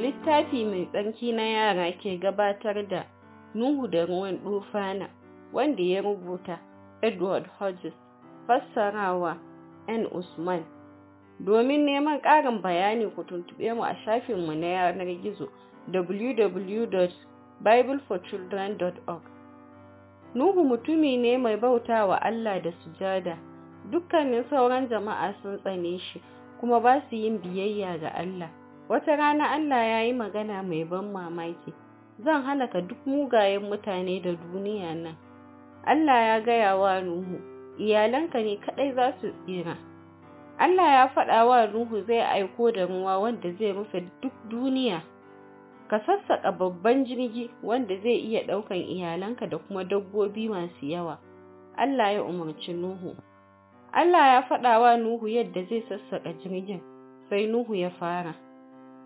littafi mai tsarki na yara ke gabatar da Nuhu da ruwan dufana wanda ya rubuta Edward Hodges fassarawa N Usman domin neman ƙarin bayani ku tuntube mu a shafinmu na yanar gizo www.bibleforchildren.org Nuhu mutumi ne mai bauta wa Allah da sujada dukkanin sauran jama'a sun tsane shi kuma ba su yin biyayya ga Allah Wata rana Allah ya yi magana mai ban mamaki, zan halaka duk mugayen mutane da duniya nan. Allah ya gaya wa Nuhu, iyalanka ne kaɗai za su tsira. Allah ya faɗa wa Nuhu zai aiko da ruwa wanda zai rufe duk duniya. Ka sassaƙa babban jirgi wanda zai iya ɗaukan iyalanka da kuma dabbobi masu yawa. Allah ya umarci Nuhu. Allah ya faɗa wa Nuhu yadda zai sassaƙa jirgin, sai Nuhu ya fara.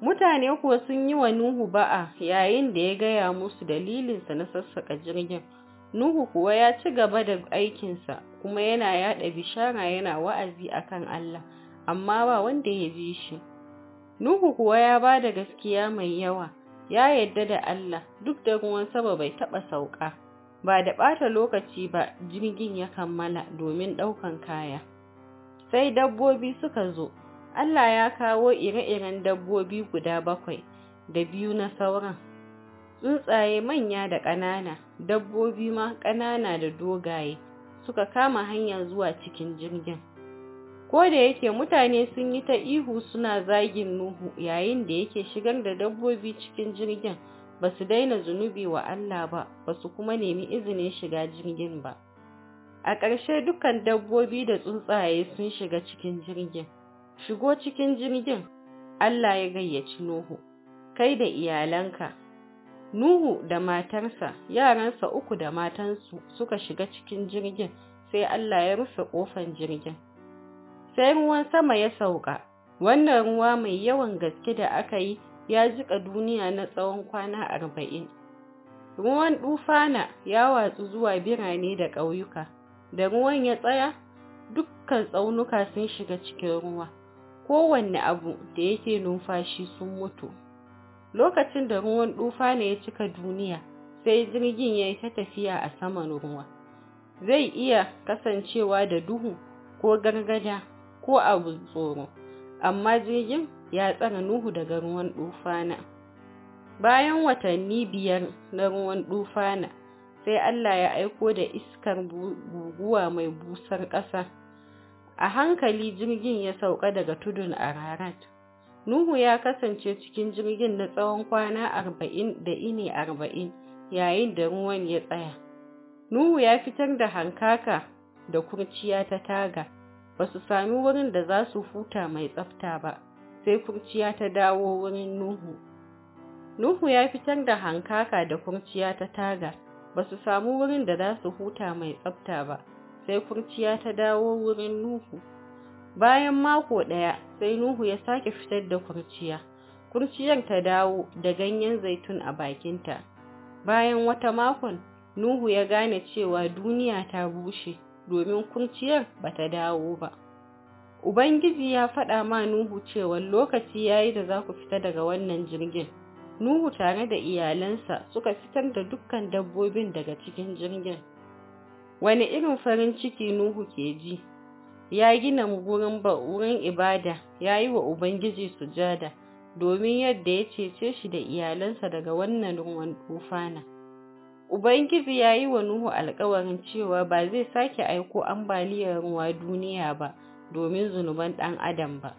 Mutane kuwa sun yi wa Nuhu ba'a yayin da ya gaya musu dalilinsa na sassaƙa jirgin. Nuhu kuwa ya ci gaba da aikinsa kuma yana yaɗa bishara yana wa'azi a kan Allah, amma ba wanda ya bi shi. Nuhu kuwa ya ba da gaskiya mai yawa, ya yadda da Allah duk da ruwan saba bai taɓa sauƙa. Ba da ɓata lokaci ba jirgin ya kammala domin ɗaukan kaya. Sai dabbobi suka zo Allah ya kawo ire-iren dabbobi guda bakwai da biyu na sauran, tsuntsaye manya da ƙanana, dabbobi ma ƙanana da dogaye suka kama hanya zuwa cikin jirgin. Ko da yake mutane sun yi ta ihu suna zagin Nuhu yayin da yake shigar da dabbobi cikin jirgin, ba su daina zunubi wa Allah ba, ba su kuma nemi izinin shiga jirgin ba. A ƙarshe dukkan dabbobi da tsuntsaye sun shiga cikin jirgin. shigo cikin jirgin Allah ya gayyaci Nuhu kai da iyalanka Nuhu da matarsa yaransa uku da matansu suka shiga cikin jirgin sai Allah ya rufe ƙofan jirgin sai ruwan sama ya sauka wannan ruwa mai yawan gaske da aka yi ya jika duniya na tsawon kwana arba'in ruwan dufana ya watsu zuwa birane da ƙauyuka da ruwan ya tsaya dukkan tsaunuka sun shiga cikin ruwa kowanne abu da yake numfashi sun mutu lokacin da ruwan dufa ne ya cika duniya sai jirgin ya yi ta tafiya a saman ruwa zai iya kasancewa da duhu ko gargada ko abu tsoro amma jirgin ya tsara nuhu daga ruwan dufana bayan watanni biyar na ruwan dufana sai allah ya aiko da iskar guguwa mai busar ƙasa A hankali jirgin ya sauka daga tudun Ararat. Nuhu ya kasance cikin jirgin na tsawon kwana arba'in da ini arba'in yayin da ruwan ya tsaya. Nuhu ya fitar da hankaka da kurciya ta taga, ba su sami wurin da za su huta mai tsafta ba, sai kurciya ta dawo wurin Nuhu. Nuhu ya fitar da hankaka da kurciya ta taga, ba su sami wurin da za su huta mai tsafta ba, sai kurciya ta dawo wurin Nuhu. Bayan mako ɗaya sai Nuhu ya sake fitar da kurciya, kurciyar ta dawo da ganyen zaitun a bakinta. Bayan wata makon, Nuhu ya gane cewa duniya ta bushe domin kurciyar ba ta dawo ba. Ubangiji ya faɗa ma Nuhu cewa lokaci ya yi da za ku fita daga wannan jirgin. Nuhu tare da iyalansa suka fitar da dukkan dabbobin daga cikin jirgin. wani irin farin ciki Nuhu ke ji, ya gina gurin wurin ibada, ya yi wa Ubangiji sujada, domin yadda ya cece shi da iyalansa daga wannan ruwan tufana. Ubangiji ya yi wa Nuhu alkawarin cewa ba zai sake aiko ambaliyar ruwa duniya ba domin zunuban ɗan adam ba.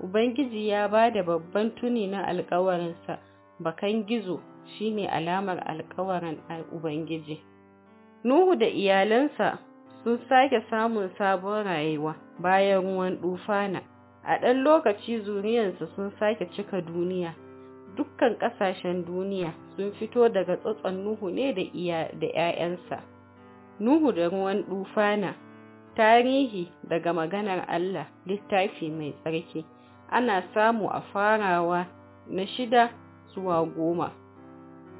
Ubangiji ya ba da babban tuni na alkawarinsa, bakan gizo shine alamar alkawarin Ubangiji. Nuhu da iyalansa sun sake samun sabon rayuwa bayan ruwan dufana. A ɗan lokaci zuriyarsa sun sake cika duniya. Dukkan ƙasashen duniya sun fito daga tsotson Nuhu ne da ‘ya'yansa. Nuhu da ruwan dufana. Tarihi daga maganar Allah, littafi mai tsarki, ana samu a farawa na shida zuwa goma.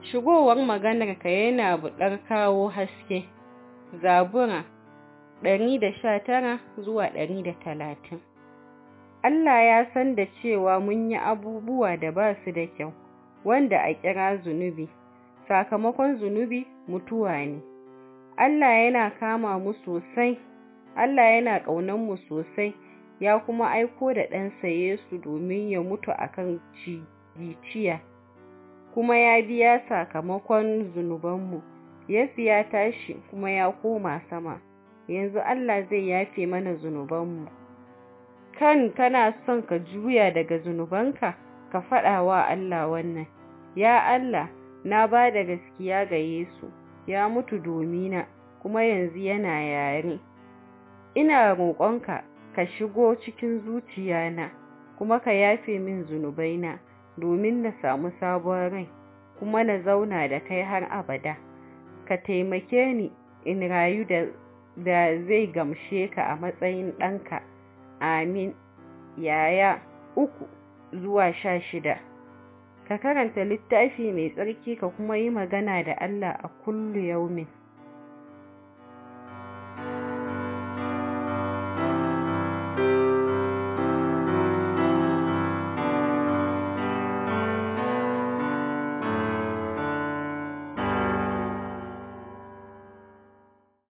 shigowar maganarka yana buɗar kawo haske zabura 119 zuwa 130 Allah ya san da cewa mun yi abubuwa da ba su da kyau wanda a kira zunubi sakamakon zunubi mutuwa ne Allah yana kama mu sosai Allah yana ƙaunar mu sosai ya kuma aiko da ɗansa Yesu domin ya mutu akan giciya kuma ya biya sakamakon zunubanmu. Yesu ya tashi kuma ya koma sama, yanzu Allah zai yafe mana zunubanmu. Kan kana son ka juya daga zunubanka, ka faɗa wa Allah wannan, Ya Allah, na ba da gaskiya ga Yesu, ya mutu domina, kuma yanzu yana yare. Ina roƙonka ka shigo cikin zuciyana, kuma ka yafe min zunubaina. domin na samu sabon rai kuma na zauna da kai har abada ka taimake ni in rayu da zai gamshe ka a matsayin ɗanka amin yaya uku zuwa sha shida ka karanta littafi mai tsarki ka kuma yi magana da Allah a kullu yaumin